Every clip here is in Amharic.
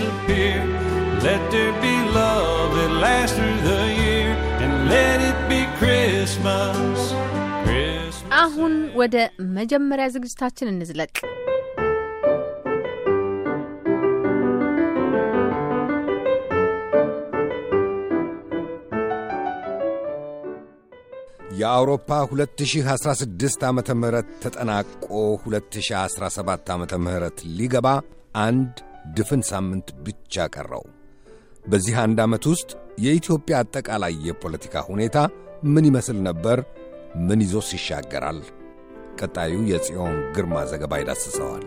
disappear. Let there be love that lasts through the year, and let it be Christmas. Christmas. አሁን ወደ መጀመሪያ ዝግጅታችን እንዝለቅ። የአውሮፓ 2016 ዓ ም ተጠናቆ 2017 ዓ ም ሊገባ አንድ ድፍን ሳምንት ብቻ ቀረው። በዚህ አንድ ዓመት ውስጥ የኢትዮጵያ አጠቃላይ የፖለቲካ ሁኔታ ምን ይመስል ነበር? ምን ይዞስ ይሻገራል? ቀጣዩ የጽዮን ግርማ ዘገባ ይዳስሰዋል።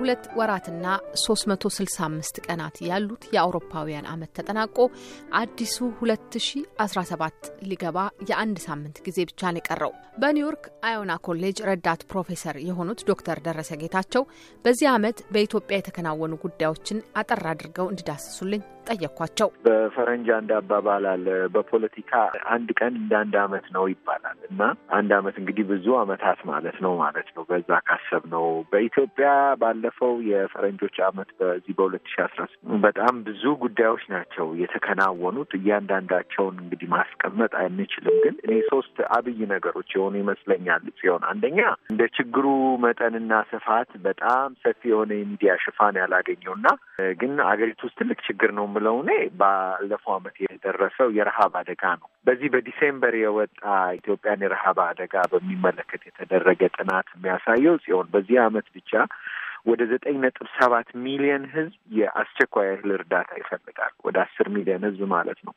ሁለት ወራትና 365 ቀናት ያሉት የአውሮፓውያን ዓመት ተጠናቆ አዲሱ 2017 ሊገባ የአንድ ሳምንት ጊዜ ብቻ ነው የቀረው። በኒውዮርክ አዮና ኮሌጅ ረዳት ፕሮፌሰር የሆኑት ዶክተር ደረሰ ጌታቸው በዚህ ዓመት በኢትዮጵያ የተከናወኑ ጉዳዮችን አጠር አድርገው እንዲዳስሱልኝ ጠየኳቸው። በፈረንጅ አንድ አባባል አለ። በፖለቲካ አንድ ቀን እንደ አንድ አመት ነው ይባላል እና አንድ አመት እንግዲህ ብዙ አመታት ማለት ነው ማለት ነው። በዛ ካሰብ ነው በኢትዮጵያ ባለፈው የፈረንጆች አመት በዚህ በሁለት ሺ አስራ በጣም ብዙ ጉዳዮች ናቸው የተከናወኑት። እያንዳንዳቸውን እንግዲህ ማስቀመጥ አንችልም፣ ግን እኔ ሶስት አብይ ነገሮች የሆኑ ይመስለኛል ሲሆን አንደኛ እንደ ችግሩ መጠንና ስፋት በጣም ሰፊ የሆነ የሚዲያ ሽፋን ያላገኘው ና ግን አገሪቱ ውስጥ ትልቅ ችግር ነው የምለው እኔ ባለፈው ዓመት የደረሰው የረሃብ አደጋ ነው። በዚህ በዲሴምበር የወጣ ኢትዮጵያን የረሃብ አደጋ በሚመለከት የተደረገ ጥናት የሚያሳየው ሲሆን በዚህ ዓመት ብቻ ወደ ዘጠኝ ነጥብ ሰባት ሚሊየን ህዝብ የአስቸኳይ እህል እርዳታ ይፈልጋል። ወደ አስር ሚሊየን ህዝብ ማለት ነው።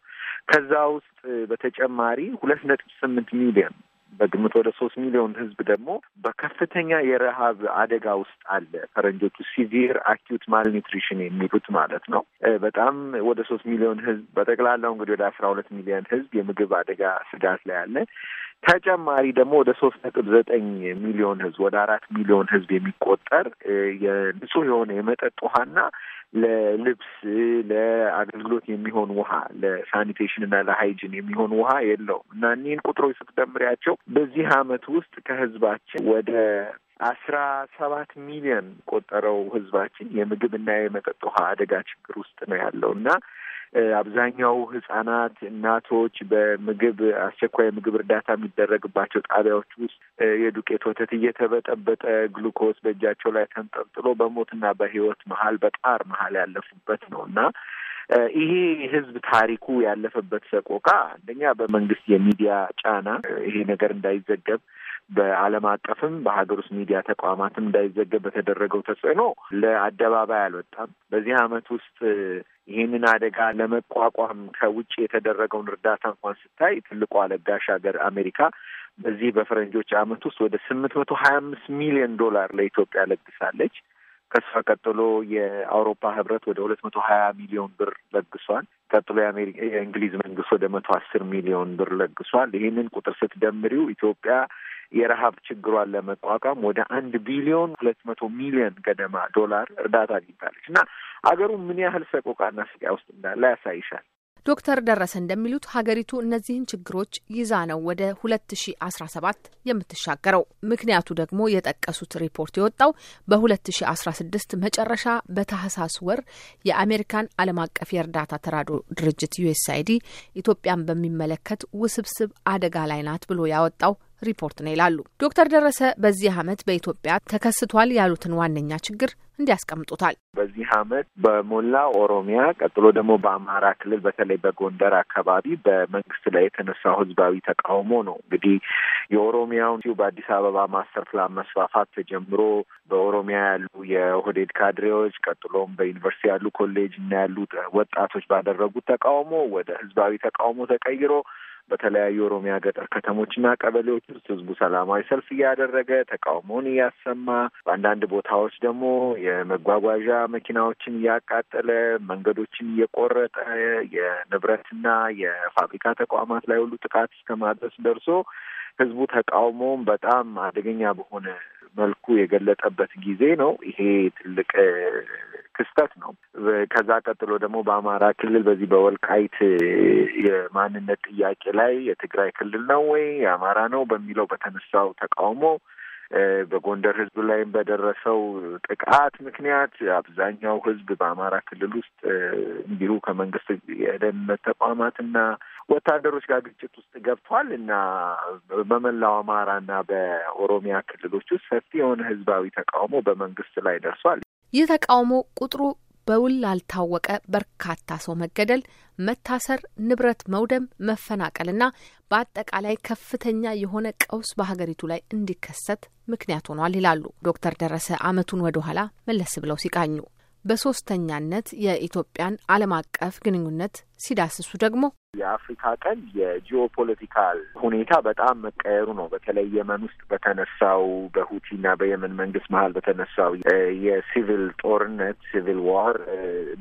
ከዛ ውስጥ በተጨማሪ ሁለት ነጥብ ስምንት ሚሊየን በግምት ወደ ሶስት ሚሊዮን ህዝብ ደግሞ በከፍተኛ የረሃብ አደጋ ውስጥ አለ። ፈረንጆቹ ሲቪር አኪዩት ማልኒትሪሽን የሚሉት ማለት ነው። በጣም ወደ ሶስት ሚሊዮን ህዝብ በጠቅላላው እንግዲህ ወደ አስራ ሁለት ሚሊዮን ህዝብ የምግብ አደጋ ስጋት ላይ አለ። ተጨማሪ ደግሞ ወደ ሶስት ነጥብ ዘጠኝ ሚሊዮን ህዝብ ወደ አራት ሚሊዮን ህዝብ የሚቆጠር የንጹህ የሆነ የመጠጥ ውሃና ለልብስ ለአገልግሎት የሚሆን ውሃ ለሳኒቴሽን እና ለሃይጂን የሚሆን ውሃ የለውም እና እኒህን ቁጥሮች ስትደምሪያቸው በዚህ አመት ውስጥ ከህዝባችን ወደ አስራ ሰባት ሚሊዮን ቆጠረው ህዝባችን የምግብና የመጠጥ ውሃ አደጋ ችግር ውስጥ ነው ያለው እና አብዛኛው ህጻናት፣ እናቶች በምግብ አስቸኳይ ምግብ እርዳታ የሚደረግባቸው ጣቢያዎች ውስጥ የዱቄት ወተት እየተበጠበጠ ግሉኮስ በእጃቸው ላይ ተንጠልጥሎ በሞትና በህይወት መሀል በጣር መሀል ያለፉበት ነው እና ይሄ ህዝብ ታሪኩ ያለፈበት ሰቆቃ አንደኛ በመንግስት የሚዲያ ጫና ይሄ ነገር እንዳይዘገብ በዓለም አቀፍም በሀገር ውስጥ ሚዲያ ተቋማትም እንዳይዘገብ በተደረገው ተጽዕኖ ለአደባባይ አልወጣም። በዚህ አመት ውስጥ ይህንን አደጋ ለመቋቋም ከውጭ የተደረገውን እርዳታ እንኳን ስታይ ትልቋ ለጋሽ ሀገር አሜሪካ በዚህ በፈረንጆች ዓመት ውስጥ ወደ ስምንት መቶ ሀያ አምስት ሚሊዮን ዶላር ለኢትዮጵያ ለግሳለች። ከሷ ቀጥሎ የአውሮፓ ህብረት ወደ ሁለት መቶ ሀያ ሚሊዮን ብር ለግሷል። ቀጥሎ የእንግሊዝ መንግስት ወደ መቶ አስር ሚሊዮን ብር ለግሷል። ይህንን ቁጥር ስትደምሪው ኢትዮጵያ የረሀብ ችግሯን ለመቋቋም ወደ አንድ ቢሊዮን ሁለት መቶ ሚሊዮን ገደማ ዶላር እርዳታ አግኝታለች እና አገሩ ምን ያህል ሰቆቃና ስቃይ ውስጥ እንዳለ ያሳይሻል። ዶክተር ደረሰ እንደሚሉት ሀገሪቱ እነዚህን ችግሮች ይዛ ነው ወደ 2017 የምትሻገረው። ምክንያቱ ደግሞ የጠቀሱት ሪፖርት የወጣው በ2016 መጨረሻ በታህሳስ ወር የአሜሪካን ዓለም አቀፍ የእርዳታ ተራድኦ ድርጅት ዩኤስአይዲ ኢትዮጵያን በሚመለከት ውስብስብ አደጋ ላይ ናት ብሎ ያወጣው ሪፖርት ነው ይላሉ ዶክተር ደረሰ። በዚህ ዓመት በኢትዮጵያ ተከስቷል ያሉትን ዋነኛ ችግር እንዲያስቀምጡታል። በዚህ አመት በሞላ ኦሮሚያ ቀጥሎ ደግሞ በአማራ ክልል በተለይ በጎንደር አካባቢ በመንግስት ላይ የተነሳው ህዝባዊ ተቃውሞ ነው። እንግዲህ የኦሮሚያውን በአዲስ አበባ ማስተር ፕላን መስፋፋት ተጀምሮ በኦሮሚያ ያሉ የኦህዴድ ካድሬዎች ቀጥሎም በዩኒቨርሲቲ ያሉ ኮሌጅ እና ያሉ ወጣቶች ባደረጉት ተቃውሞ ወደ ህዝባዊ ተቃውሞ ተቀይሮ በተለያዩ የኦሮሚያ ገጠር ከተሞችና ቀበሌዎች ውስጥ ህዝቡ ሰላማዊ ሰልፍ እያደረገ ተቃውሞውን እያሰማ በአንዳንድ ቦታዎች ደግሞ የመጓጓዣ መኪናዎችን እያቃጠለ መንገዶችን እየቆረጠ የንብረትና የፋብሪካ ተቋማት ላይ ሁሉ ጥቃት እስከማድረስ ደርሶ ህዝቡ ተቃውሞውን በጣም አደገኛ በሆነ መልኩ የገለጠበት ጊዜ ነው። ይሄ ትልቅ ክስተት ነው። ከዛ ቀጥሎ ደግሞ በአማራ ክልል በዚህ በወልቃይት የማንነት ጥያቄ ላይ የትግራይ ክልል ነው ወይ የአማራ ነው በሚለው በተነሳው ተቃውሞ በጎንደር ህዝብ ላይም በደረሰው ጥቃት ምክንያት አብዛኛው ህዝብ በአማራ ክልል ውስጥ እንዲሁ ከመንግስት የደህንነት ተቋማትና ወታደሮች ጋር ግጭት ውስጥ ገብቷል እና በመላው አማራና በኦሮሚያ ክልሎች ውስጥ ሰፊ የሆነ ህዝባዊ ተቃውሞ በመንግስት ላይ ደርሷል። ይህ ተቃውሞ ቁጥሩ በውል ላልታወቀ በርካታ ሰው መገደል፣ መታሰር፣ ንብረት መውደም፣ መፈናቀልና በአጠቃላይ ከፍተኛ የሆነ ቀውስ በሀገሪቱ ላይ እንዲከሰት ምክንያት ሆኗል ይላሉ ዶክተር ደረሰ አመቱን ወደ ኋላ መለስ ብለው ሲቃኙ በሶስተኛነት የኢትዮጵያን ዓለም አቀፍ ግንኙነት ሲዳስሱ ደግሞ የአፍሪካ ቀንድ የጂኦፖለቲካል ሁኔታ በጣም መቀየሩ ነው። በተለይ የመን ውስጥ በተነሳው በሁቲና በየመን መንግስት መሀል በተነሳው የሲቪል ጦርነት ሲቪል ዋር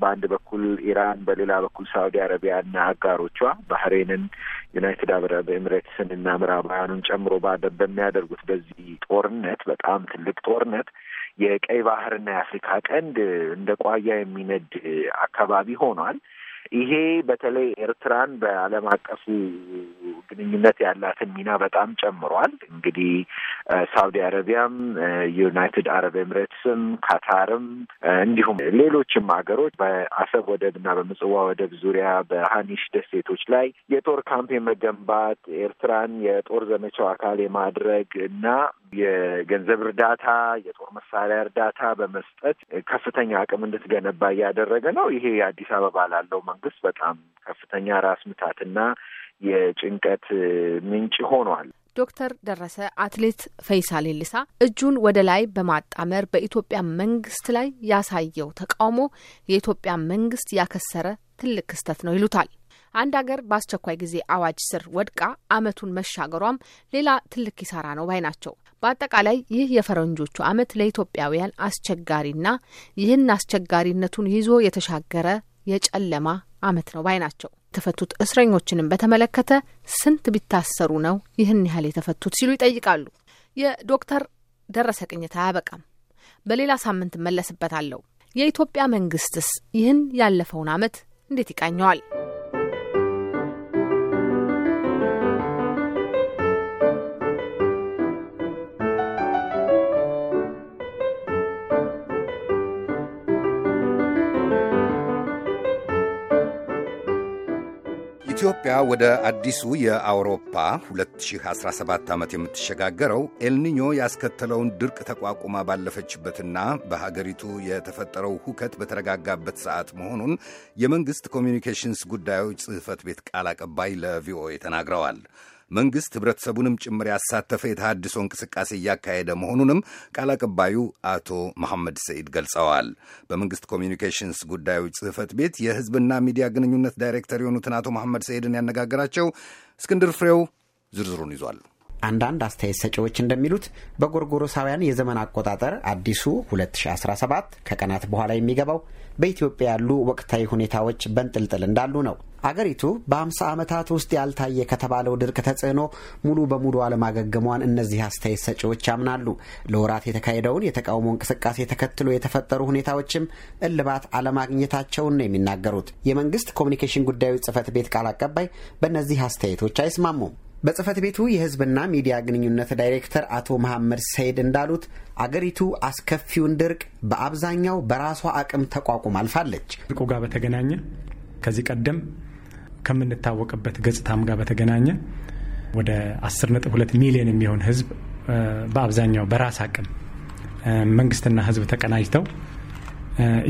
በአንድ በኩል ኢራን፣ በሌላ በኩል አረቢያ አረቢያና አጋሮቿ ባህሬንን፣ ዩናይትድ አረብ ኤምሬትስን እና ምዕራባውያኑን ጨምሮ በሚያደርጉት በዚህ ጦርነት በጣም ትልቅ ጦርነት የቀይ ባህርና የአፍሪካ ቀንድ እንደ ቋያ የሚነድ አካባቢ ሆኗል። ይሄ በተለይ ኤርትራን በዓለም አቀፉ ግንኙነት ያላትን ሚና በጣም ጨምሯል። እንግዲህ ሳውዲ አረቢያም፣ ዩናይትድ አረብ ኤምሬትስም፣ ካታርም እንዲሁም ሌሎችም ሀገሮች በአሰብ ወደብ እና በምጽዋ ወደብ ዙሪያ በሀኒሽ ደሴቶች ላይ የጦር ካምፕ የመገንባት ኤርትራን የጦር ዘመቻው አካል የማድረግ እና የገንዘብ እርዳታ፣ የጦር መሳሪያ እርዳታ በመስጠት ከፍተኛ አቅም እንድትገነባ እያደረገ ነው። ይሄ የአዲስ አበባ ላለው መንግስት በጣም ከፍተኛ ራስ ምታትና የጭንቀት ምንጭ ሆኗል። ዶክተር ደረሰ አትሌት ፈይሳ ሌሊሳ እጁን ወደ ላይ በማጣመር በኢትዮጵያ መንግስት ላይ ያሳየው ተቃውሞ የኢትዮጵያ መንግስት ያከሰረ ትልቅ ክስተት ነው ይሉታል። አንድ አገር በአስቸኳይ ጊዜ አዋጅ ስር ወድቃ አመቱን መሻገሯም ሌላ ትልቅ ኪሳራ ነው ባይ ናቸው። በአጠቃላይ ይህ የፈረንጆቹ አመት ለኢትዮጵያውያን አስቸጋሪና ይህን አስቸጋሪነቱን ይዞ የተሻገረ የጨለማ አመት ነው ባይ ናቸው። የተፈቱት እስረኞችንም በተመለከተ ስንት ቢታሰሩ ነው ይህን ያህል የተፈቱት ሲሉ ይጠይቃሉ። የዶክተር ደረሰ ቅኝት አያበቃም። በሌላ ሳምንት እመለስበታለሁ። የኢትዮጵያ መንግስትስ ይህን ያለፈውን ዓመት እንዴት ይቃኘዋል? ኢትዮጵያ ወደ አዲሱ የአውሮፓ 2017 ዓመት የምትሸጋገረው ኤልኒኞ ያስከተለውን ድርቅ ተቋቁማ ባለፈችበትና በሀገሪቱ የተፈጠረው ሁከት በተረጋጋበት ሰዓት መሆኑን የመንግሥት ኮሚኒኬሽንስ ጉዳዮች ጽሕፈት ቤት ቃል አቀባይ ለቪኦኤ ተናግረዋል። መንግሥት ህብረተሰቡንም ጭምር ያሳተፈ የተሃድሶ እንቅስቃሴ እያካሄደ መሆኑንም ቃል አቀባዩ አቶ መሐመድ ሰኢድ ገልጸዋል። በመንግሥት ኮሚኒኬሽንስ ጉዳዮች ጽህፈት ቤት የህዝብና ሚዲያ ግንኙነት ዳይሬክተር የሆኑትን አቶ መሐመድ ሰኢድን ያነጋገራቸው እስክንድር ፍሬው ዝርዝሩን ይዟል። አንዳንድ አስተያየት ሰጪዎች እንደሚሉት በጎርጎሮሳውያን የዘመን አቆጣጠር አዲሱ 2017 ከቀናት በኋላ የሚገባው በኢትዮጵያ ያሉ ወቅታዊ ሁኔታዎች በንጥልጥል እንዳሉ ነው። አገሪቱ በ50 ዓመታት ውስጥ ያልታየ ከተባለው ድርቅ ተጽዕኖ ሙሉ በሙሉ አለማገገሟን እነዚህ አስተያየት ሰጪዎች ያምናሉ። ለወራት የተካሄደውን የተቃውሞ እንቅስቃሴ ተከትሎ የተፈጠሩ ሁኔታዎችም እልባት አለማግኘታቸውን ነው የሚናገሩት። የመንግስት ኮሚኒኬሽን ጉዳዮች ጽህፈት ቤት ቃል አቀባይ በእነዚህ አስተያየቶች አይስማሙም። በጽህፈት ቤቱ የህዝብና ሚዲያ ግንኙነት ዳይሬክተር አቶ መሐመድ ሰይድ እንዳሉት አገሪቱ አስከፊውን ድርቅ በአብዛኛው በራሷ አቅም ተቋቁም አልፋለች። ድርቁ ጋር በተገናኘ ከዚህ ቀደም ከምንታወቅበት ገጽታም ጋር በተገናኘ ወደ 10.2 ሚሊዮን የሚሆን ህዝብ በአብዛኛው በራስ አቅም መንግስትና ህዝብ ተቀናጅተው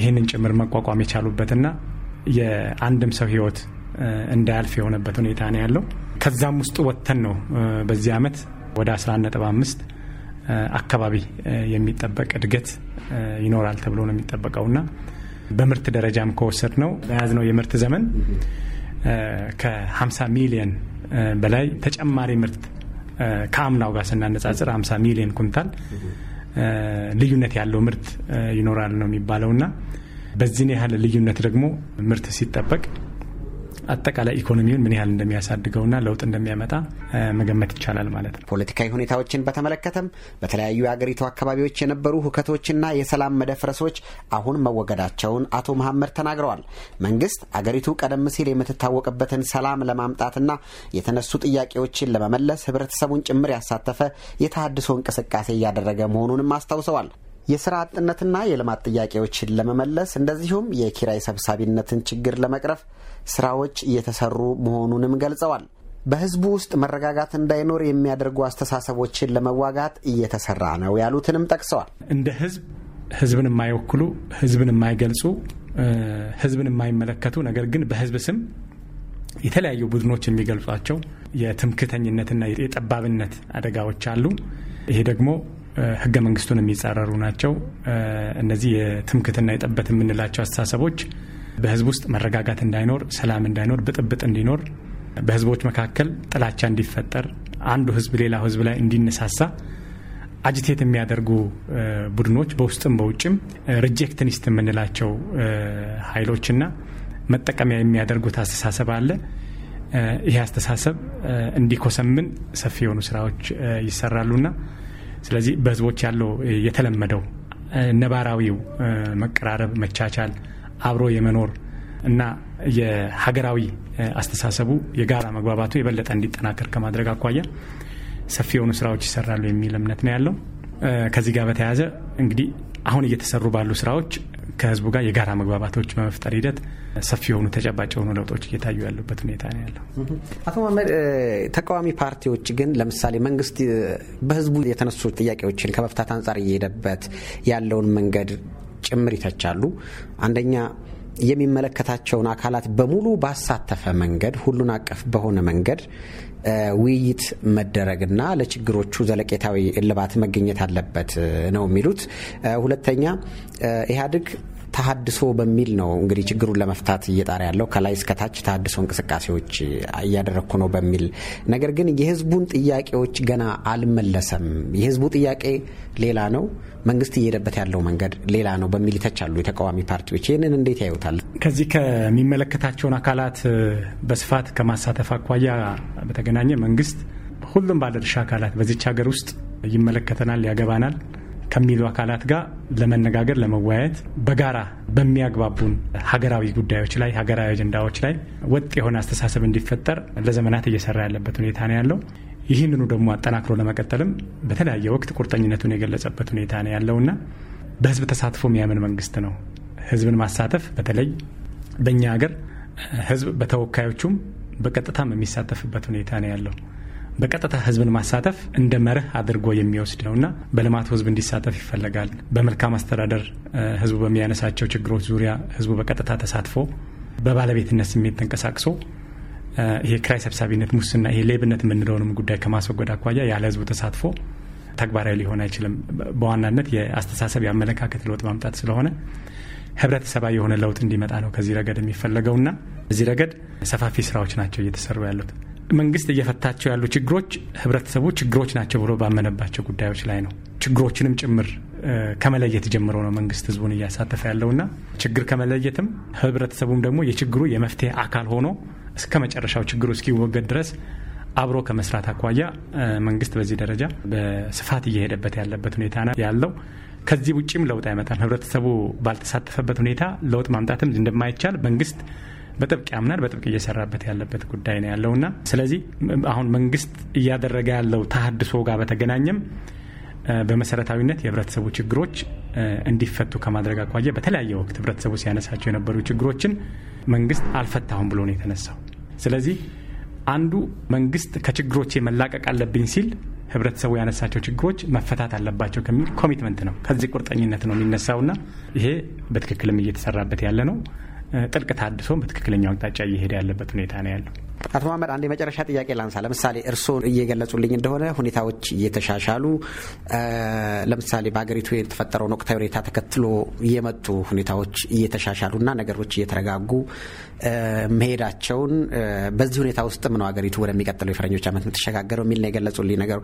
ይህንን ጭምር መቋቋም የቻሉበትና የአንድም ሰው ህይወት እንዳያልፍ የሆነበት ሁኔታ ነው ያለው። ከዛም ውስጥ ወጥተን ነው በዚህ አመት ወደ 11.5 አካባቢ የሚጠበቅ እድገት ይኖራል ተብሎ ነው የሚጠበቀውና በምርት ደረጃም ከወሰድ ነው ነው የምርት ዘመን ከ50 ሚሊየን በላይ ተጨማሪ ምርት ከአምናው ጋር ስናነጻጽር 50 ሚሊየን ኩንታል ልዩነት ያለው ምርት ይኖራል ነው የሚባለውና በዚህን ያህል ልዩነት ደግሞ ምርት ሲጠበቅ አጠቃላይ ኢኮኖሚውን ምን ያህል እንደሚያሳድገውና ለውጥ እንደሚያመጣ መገመት ይቻላል ማለት ነው። ፖለቲካዊ ሁኔታዎችን በተመለከተም በተለያዩ የአገሪቱ አካባቢዎች የነበሩ ሁከቶችና የሰላም መደፍረሶች አሁን መወገዳቸውን አቶ መሐመድ ተናግረዋል። መንግስት አገሪቱ ቀደም ሲል የምትታወቅበትን ሰላም ለማምጣትና የተነሱ ጥያቄዎችን ለመመለስ ህብረተሰቡን ጭምር ያሳተፈ የተሃድሶ እንቅስቃሴ እያደረገ መሆኑንም አስታውሰዋል። የስራ አጥነትና የልማት ጥያቄዎችን ለመመለስ እንደዚሁም የኪራይ ሰብሳቢነትን ችግር ለመቅረፍ ስራዎች እየተሰሩ መሆኑንም ገልጸዋል። በህዝቡ ውስጥ መረጋጋት እንዳይኖር የሚያደርጉ አስተሳሰቦችን ለመዋጋት እየተሰራ ነው ያሉትንም ጠቅሰዋል። እንደ ህዝብ ህዝብን የማይወክሉ ህዝብን የማይገልጹ ህዝብን የማይመለከቱ ነገር ግን በህዝብ ስም የተለያዩ ቡድኖች የሚገልጿቸው የትምክተኝነትና የጠባብነት አደጋዎች አሉ። ይሄ ደግሞ ህገ መንግስቱን የሚጻረሩ ናቸው። እነዚህ የትምክትና የጠበት የምንላቸው አስተሳሰቦች በህዝብ ውስጥ መረጋጋት እንዳይኖር፣ ሰላም እንዳይኖር፣ ብጥብጥ እንዲኖር፣ በህዝቦች መካከል ጥላቻ እንዲፈጠር፣ አንዱ ህዝብ ሌላ ህዝብ ላይ እንዲነሳሳ አጅቴት የሚያደርጉ ቡድኖች በውስጥም በውጭም ሪጀክትኒስት የምንላቸው ኃይሎችና መጠቀሚያ የሚያደርጉት አስተሳሰብ አለ። ይህ አስተሳሰብ እንዲኮሰምን ሰፊ የሆኑ ስራዎች ይሰራሉና ስለዚህ በህዝቦች ያለው የተለመደው ነባራዊው መቀራረብ፣ መቻቻል፣ አብሮ የመኖር እና የሀገራዊ አስተሳሰቡ የጋራ መግባባቱ የበለጠ እንዲጠናከር ከማድረግ አኳያ ሰፊ የሆኑ ስራዎች ይሰራሉ የሚል እምነት ነው ያለው። ከዚህ ጋር በተያያዘ እንግዲህ አሁን እየተሰሩ ባሉ ስራዎች ከህዝቡ ጋር የጋራ መግባባቶች በመፍጠር ሂደት ሰፊ የሆኑ ተጨባጭ የሆኑ ለውጦች እየታዩ ያሉበት ሁኔታ ነው ያለው። አቶ መሀመድ፣ ተቃዋሚ ፓርቲዎች ግን ለምሳሌ መንግስት በህዝቡ የተነሱ ጥያቄዎችን ከመፍታት አንጻር እየሄደበት ያለውን መንገድ ጭምር ይተቻሉ። አንደኛ የሚመለከታቸውን አካላት በሙሉ ባሳተፈ መንገድ ሁሉን አቀፍ በሆነ መንገድ ውይይት መደረግና ለችግሮቹ ዘለቄታዊ እልባት መገኘት አለበት ነው የሚሉት። ሁለተኛ ኢህአዴግ ተሀድሶ በሚል ነው እንግዲህ ችግሩን ለመፍታት እየጣረ ያለው ከላይ እስከታች ተሀድሶ እንቅስቃሴዎች እያደረግኩ ነው በሚል ነገር ግን የህዝቡን ጥያቄዎች ገና አልመለሰም፣ የህዝቡ ጥያቄ ሌላ ነው፣ መንግስት እየሄደበት ያለው መንገድ ሌላ ነው በሚል ይተቻሉ የተቃዋሚ ፓርቲዎች። ይህንን እንዴት ያዩታል? ከዚህ ከሚመለከታቸውን አካላት በስፋት ከማሳተፍ አኳያ በተገናኘ መንግስት ሁሉም ባለድርሻ አካላት በዚች ሀገር ውስጥ ይመለከተናል፣ ያገባናል ከሚሉ አካላት ጋር ለመነጋገር ለመወያየት በጋራ በሚያግባቡን ሀገራዊ ጉዳዮች ላይ ሀገራዊ አጀንዳዎች ላይ ወጥ የሆነ አስተሳሰብ እንዲፈጠር ለዘመናት እየሰራ ያለበት ሁኔታ ነው ያለው። ይህንኑ ደግሞ አጠናክሮ ለመቀጠልም በተለያየ ወቅት ቁርጠኝነቱን የገለጸበት ሁኔታ ነው ያለውና በህዝብ ተሳትፎ የሚያምን መንግስት ነው። ህዝብን ማሳተፍ በተለይ በእኛ ሀገር ህዝብ በተወካዮቹም በቀጥታም የሚሳተፍበት ሁኔታ ነው ያለው። በቀጥታ ህዝብን ማሳተፍ እንደ መርህ አድርጎ የሚወስድ ነውና በልማቱ ህዝብ እንዲሳተፍ ይፈለጋል። በመልካም አስተዳደር ህዝቡ በሚያነሳቸው ችግሮች ዙሪያ ህዝቡ በቀጥታ ተሳትፎ በባለቤትነት ስሜት ተንቀሳቅሶ ይሄ ክራይ ሰብሳቢነት፣ ሙስና፣ ይሄ ሌብነት የምንለውንም ጉዳይ ከማስወገድ አኳያ ያለ ህዝቡ ተሳትፎ ተግባራዊ ሊሆን አይችልም። በዋናነት የአስተሳሰብ የአመለካከት ለውጥ ማምጣት ስለሆነ ህብረተሰባዊ የሆነ ለውጥ እንዲመጣ ነው ከዚህ ረገድ የሚፈለገውና እዚህ ረገድ ሰፋፊ ስራዎች ናቸው እየተሰሩ ያሉት። መንግስት እየፈታቸው ያሉ ችግሮች ህብረተሰቡ ችግሮች ናቸው ብሎ ባመነባቸው ጉዳዮች ላይ ነው። ችግሮችንም ጭምር ከመለየት ጀምሮ ነው መንግስት ህዝቡን እያሳተፈ ያለውና ችግር ከመለየትም ህብረተሰቡም ደግሞ የችግሩ የመፍትሄ አካል ሆኖ እስከ መጨረሻው ችግሩ እስኪወገድ ድረስ አብሮ ከመስራት አኳያ መንግስት በዚህ ደረጃ በስፋት እየሄደበት ያለበት ሁኔታ ያለው ከዚህ ውጭም ለውጥ አይመጣም። ህብረተሰቡ ባልተሳተፈበት ሁኔታ ለውጥ ማምጣትም እንደማይቻል መንግስት በጥብቅ ያምናል፣ በጥብቅ እየሰራበት ያለበት ጉዳይ ነው ያለውና ስለዚህ አሁን መንግስት እያደረገ ያለው ተሀድሶ ጋር በተገናኘም በመሰረታዊነት የህብረተሰቡ ችግሮች እንዲፈቱ ከማድረግ አኳያ በተለያየ ወቅት ህብረተሰቡ ሲያነሳቸው የነበሩ ችግሮችን መንግስት አልፈታሁም ብሎ ነው የተነሳው። ስለዚህ አንዱ መንግስት ከችግሮቼ መላቀቅ አለብኝ ሲል ህብረተሰቡ ያነሳቸው ችግሮች መፈታት አለባቸው ከሚል ኮሚትመንት ነው ከዚህ ቁርጠኝነት ነው የሚነሳውና ይሄ በትክክልም እየተሰራበት ያለ ነው። ጥልቅ ታድሶም በትክክለኛው አቅጣጫ እየሄደ ያለበት ሁኔታ ነው ያለው። አቶ መሀመድ አንድ የመጨረሻ ጥያቄ ላንሳ። ለምሳሌ እርስዎ እየገለጹልኝ እንደሆነ ሁኔታዎች እየተሻሻሉ ለምሳሌ በሀገሪቱ የተፈጠረውን ወቅታዊ ሁኔታ ተከትሎ እየመጡ ሁኔታዎች እየተሻሻሉና ነገሮች እየተረጋጉ መሄዳቸውን በዚህ ሁኔታ ውስጥ ነው ሀገሪቱ ወደሚቀጥለው የፈረኞች ዓመት የምትሸጋገረው የሚል ነው የገለጹልኝ ነገሩ።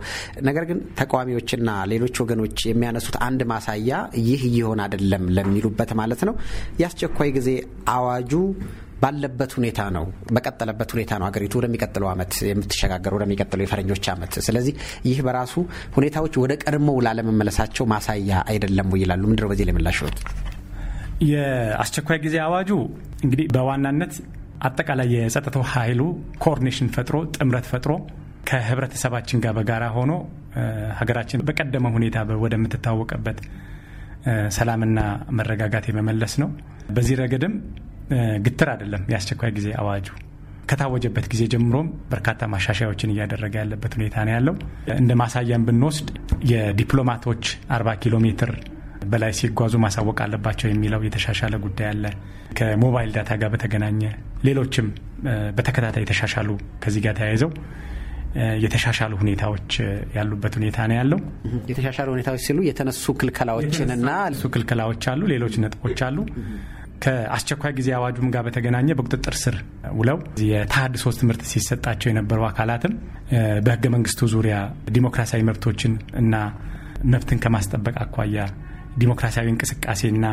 ነገር ግን ተቃዋሚዎችና ሌሎች ወገኖች የሚያነሱት አንድ ማሳያ ይህ እየሆን አይደለም ለሚሉበት ማለት ነው የአስቸኳይ ጊዜ አዋጁ ባለበት ሁኔታ ነው በቀጠለበት ሁኔታ ነው ሀገሪቱ ወደሚቀጥለው ዓመት የምትሸጋገር ወደሚቀጥለው የፈረንጆች ዓመት። ስለዚህ ይህ በራሱ ሁኔታዎች ወደ ቀድሞው ላለመመለሳቸው ማሳያ አይደለም ይላሉ። ምንድነው በዚህ ላይ ምላሽዎት? የአስቸኳይ ጊዜ አዋጁ እንግዲህ በዋናነት አጠቃላይ የጸጥታው ኃይሉ ኮኦርዲኔሽን ፈጥሮ ጥምረት ፈጥሮ ከህብረተሰባችን ጋር በጋራ ሆኖ ሀገራችን በቀደመ ሁኔታ ወደምትታወቅበት ሰላምና መረጋጋት የመመለስ ነው። በዚህ ረገድም ግትር አይደለም። የአስቸኳይ ጊዜ አዋጁ ከታወጀበት ጊዜ ጀምሮም በርካታ ማሻሻያዎችን እያደረገ ያለበት ሁኔታ ነው ያለው። እንደ ማሳያም ብንወስድ የዲፕሎማቶች 40 ኪሎ ሜትር በላይ ሲጓዙ ማሳወቅ አለባቸው የሚለው የተሻሻለ ጉዳይ አለ። ከሞባይል ዳታ ጋር በተገናኘ ሌሎችም በተከታታይ የተሻሻሉ ከዚህ ጋር ተያይዘው የተሻሻሉ ሁኔታዎች ያሉበት ሁኔታ ነው ያለው። የተሻሻሉ ሁኔታዎች ሲሉ የተነሱ ክልከላዎችንና ክልከላዎች አሉ፣ ሌሎች ነጥቦች አሉ። ከአስቸኳይ ጊዜ አዋጁም ጋር በተገናኘ በቁጥጥር ስር ውለው የተሃድሶ ትምህርት ሲሰጣቸው የነበሩ አካላትም በህገ መንግስቱ ዙሪያ ዲሞክራሲያዊ መብቶችን እና መብትን ከማስጠበቅ አኳያ ዲሞክራሲያዊ እንቅስቃሴና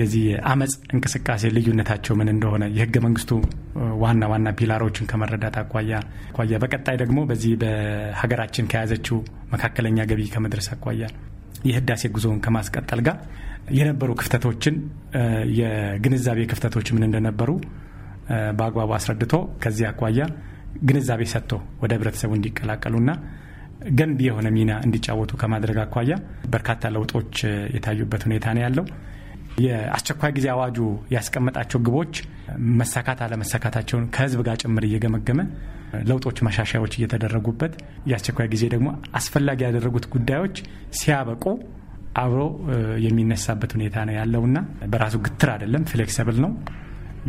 የዚህ የአመፅ እንቅስቃሴ ልዩነታቸው ምን እንደሆነ የህገ መንግስቱ ዋና ዋና ፒላሮችን ከመረዳት አኳያ አኳያ በቀጣይ ደግሞ በዚህ በሀገራችን ከያዘችው መካከለኛ ገቢ ከመድረስ አኳያ የህዳሴ ጉዞውን ከማስቀጠል ጋር የነበሩ ክፍተቶችን የግንዛቤ ክፍተቶች ምን እንደነበሩ በአግባቡ አስረድቶ ከዚህ አኳያ ግንዛቤ ሰጥቶ ወደ ህብረተሰቡ እንዲቀላቀሉና ገንቢ የሆነ ሚና እንዲጫወቱ ከማድረግ አኳያ በርካታ ለውጦች የታዩበት ሁኔታ ነው ያለው። የአስቸኳይ ጊዜ አዋጁ ያስቀመጣቸው ግቦች መሳካት አለመሳካታቸውን ከህዝብ ጋር ጭምር እየገመገመ ለውጦች፣ ማሻሻያዎች እየተደረጉበት የአስቸኳይ ጊዜ ደግሞ አስፈላጊ ያደረጉት ጉዳዮች ሲያበቁ አብሮ የሚነሳበት ሁኔታ ነው ያለውና በራሱ ግትር አይደለም፣ ፍሌክሲብል ነው።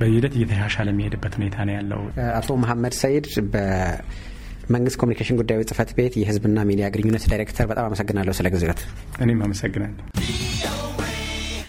በሂደት እየተሻሻለ የሚሄድበት ሁኔታ ነው ያለው። አቶ መሐመድ ሰይድ በመንግስት ኮሚኒኬሽን ጉዳዮች ጽህፈት ቤት የህዝብና ሚዲያ ግንኙነት ዳይሬክተር፣ በጣም አመሰግናለሁ ስለ ጊዜዎት። እኔም አመሰግናለሁ።